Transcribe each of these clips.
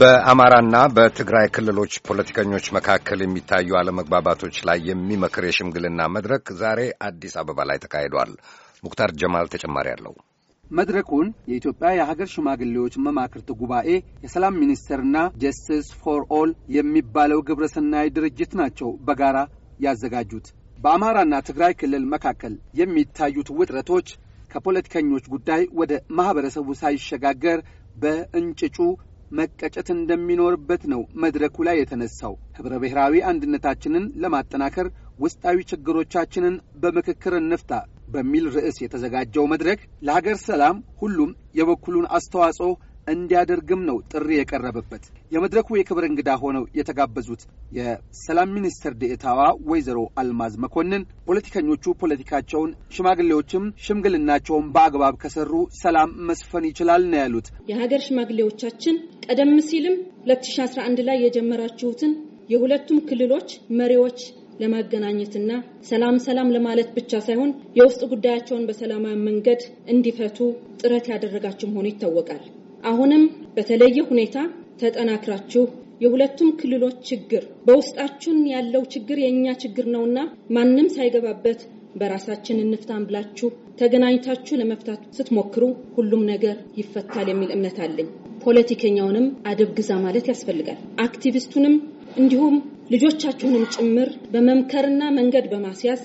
በአማራና በትግራይ ክልሎች ፖለቲከኞች መካከል የሚታዩ አለመግባባቶች ላይ የሚመክር የሽምግልና መድረክ ዛሬ አዲስ አበባ ላይ ተካሂዷል። ሙክታር ጀማል ተጨማሪ አለው። መድረኩን የኢትዮጵያ የሀገር ሽማግሌዎች መማክርት ጉባኤ፣ የሰላም ሚኒስቴርና ጀስቲስ ፎር ኦል የሚባለው ግብረሰናይ ድርጅት ናቸው በጋራ ያዘጋጁት። በአማራና ትግራይ ክልል መካከል የሚታዩት ውጥረቶች ከፖለቲከኞች ጉዳይ ወደ ማኅበረሰቡ ሳይሸጋገር በእንጭጩ መቀጨት እንደሚኖርበት ነው መድረኩ ላይ የተነሳው። ኅብረ ብሔራዊ አንድነታችንን ለማጠናከር ውስጣዊ ችግሮቻችንን በምክክር እንፍታ በሚል ርዕስ የተዘጋጀው መድረክ ለሀገር ሰላም ሁሉም የበኩሉን አስተዋጽኦ እንዲያደርግም ነው ጥሪ የቀረበበት። የመድረኩ የክብር እንግዳ ሆነው የተጋበዙት የሰላም ሚኒስትር ዴኤታዋ ወይዘሮ አልማዝ መኮንን ፖለቲከኞቹ ፖለቲካቸውን፣ ሽማግሌዎችም ሽምግልናቸውን በአግባብ ከሰሩ ሰላም መስፈን ይችላል ነው ያሉት። የሀገር ሽማግሌዎቻችን ቀደም ሲልም 2011 ላይ የጀመራችሁትን የሁለቱም ክልሎች መሪዎች ለማገናኘትና ሰላም ሰላም ለማለት ብቻ ሳይሆን የውስጥ ጉዳያቸውን በሰላማዊ መንገድ እንዲፈቱ ጥረት ያደረጋችሁ መሆኑ ይታወቃል። አሁንም በተለየ ሁኔታ ተጠናክራችሁ የሁለቱም ክልሎች ችግር በውስጣችን ያለው ችግር የእኛ ችግር ነውና ማንም ሳይገባበት በራሳችን እንፍታን ብላችሁ ተገናኝታችሁ ለመፍታት ስትሞክሩ ሁሉም ነገር ይፈታል የሚል እምነት አለኝ። ፖለቲከኛውንም አደብ ግዛ ማለት ያስፈልጋል። አክቲቪስቱንም እንዲሁም ልጆቻችሁንም ጭምር በመምከርና መንገድ በማስያዝ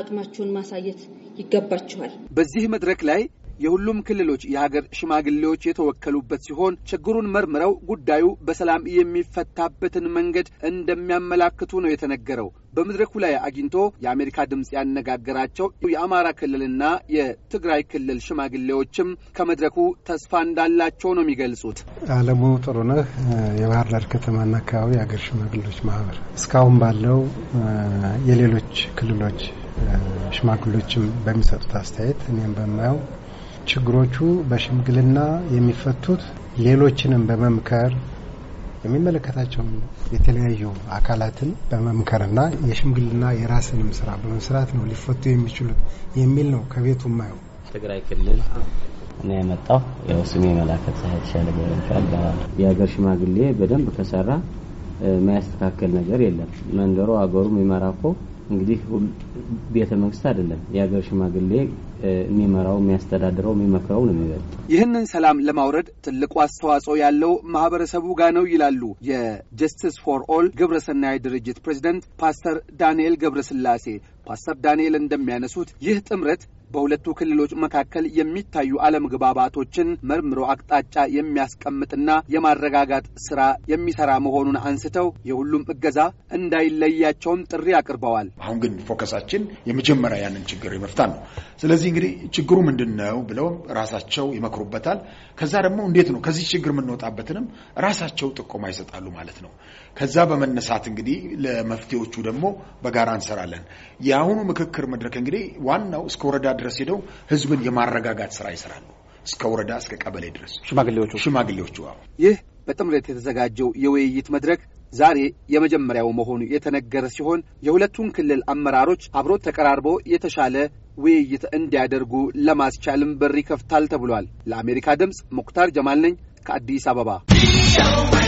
አቅማችሁን ማሳየት ይገባችኋል። በዚህ መድረክ ላይ የሁሉም ክልሎች የሀገር ሽማግሌዎች የተወከሉበት ሲሆን ችግሩን መርምረው ጉዳዩ በሰላም የሚፈታበትን መንገድ እንደሚያመላክቱ ነው የተነገረው። በመድረኩ ላይ አግኝቶ የአሜሪካ ድምፅ ያነጋገራቸው የአማራ ክልልና የትግራይ ክልል ሽማግሌዎችም ከመድረኩ ተስፋ እንዳላቸው ነው የሚገልጹት። አለሙ ጥሩነህ የባህር ዳር ከተማና አካባቢ የሀገር ሽማግሌዎች ማህበር እስካሁን ባለው የሌሎች ክልሎች ሽማግሌዎችም በሚሰጡት አስተያየት እኔም በማየው ችግሮቹ በሽምግልና የሚፈቱት ሌሎችንም በመምከር የሚመለከታቸውን የተለያዩ አካላትን በመምከርና የሽምግልና የራስንም ስራ በመስራት ነው ሊፈቱ የሚችሉት የሚል ነው። ከቤቱ ማየው ትግራይ ክልል እና የመጣው። ያው ስሜ መላከት ፀሐይ ተሻለ ገረቻል። የሀገር ሽማግሌ በደንብ ከሰራ የማያስተካከል ነገር የለም። መንደሮ አገሩ ይመራኮ እንግዲህ ቤተ መንግስት አይደለም የሀገር ሽማግሌ የሚመራው የሚያስተዳድረው የሚመክረው ነው የሚበልጥ። ይህንን ሰላም ለማውረድ ትልቁ አስተዋጽኦ ያለው ማህበረሰቡ ጋ ነው ይላሉ የጀስቲስ ፎር ኦል ግብረሰናይ ድርጅት ፕሬዚደንት ፓስተር ዳንኤል ገብረስላሴ። ፓስተር ዳንኤል እንደሚያነሱት ይህ ጥምረት በሁለቱ ክልሎች መካከል የሚታዩ አለመግባባቶችን መርምሮ አቅጣጫ የሚያስቀምጥና የማረጋጋት ስራ የሚሰራ መሆኑን አንስተው የሁሉም እገዛ እንዳይለያቸውም ጥሪ አቅርበዋል። አሁን ግን ፎከሳችን የመጀመሪያ ያንን ችግር የመፍታት ነው። ስለዚህ እንግዲህ ችግሩ ምንድን ነው ብለውም ራሳቸው ይመክሩበታል። ከዛ ደግሞ እንዴት ነው ከዚህ ችግር የምንወጣበትንም ራሳቸው ጥቆማ ይሰጣሉ ማለት ነው። ከዛ በመነሳት እንግዲህ ለመፍትሄዎቹ ደግሞ በጋራ እንሰራለን። የአሁኑ ምክክር መድረክ እንግዲህ ዋናው እስከ ወረዳ ድረስ ሄደው ህዝብን የማረጋጋት ስራ ይሰራሉ። እስከ ወረዳ እስከ ቀበሌ ድረስ ሽማግሌዎቹ ሽማግሌዎቹ ይህ በጥምረት የተዘጋጀው የውይይት መድረክ ዛሬ የመጀመሪያው መሆኑ የተነገረ ሲሆን የሁለቱን ክልል አመራሮች አብሮ ተቀራርቦ የተሻለ ውይይት እንዲያደርጉ ለማስቻልም በር ይከፍታል ተብሏል። ለአሜሪካ ድምፅ ሙክታር ጀማል ነኝ ከአዲስ አበባ።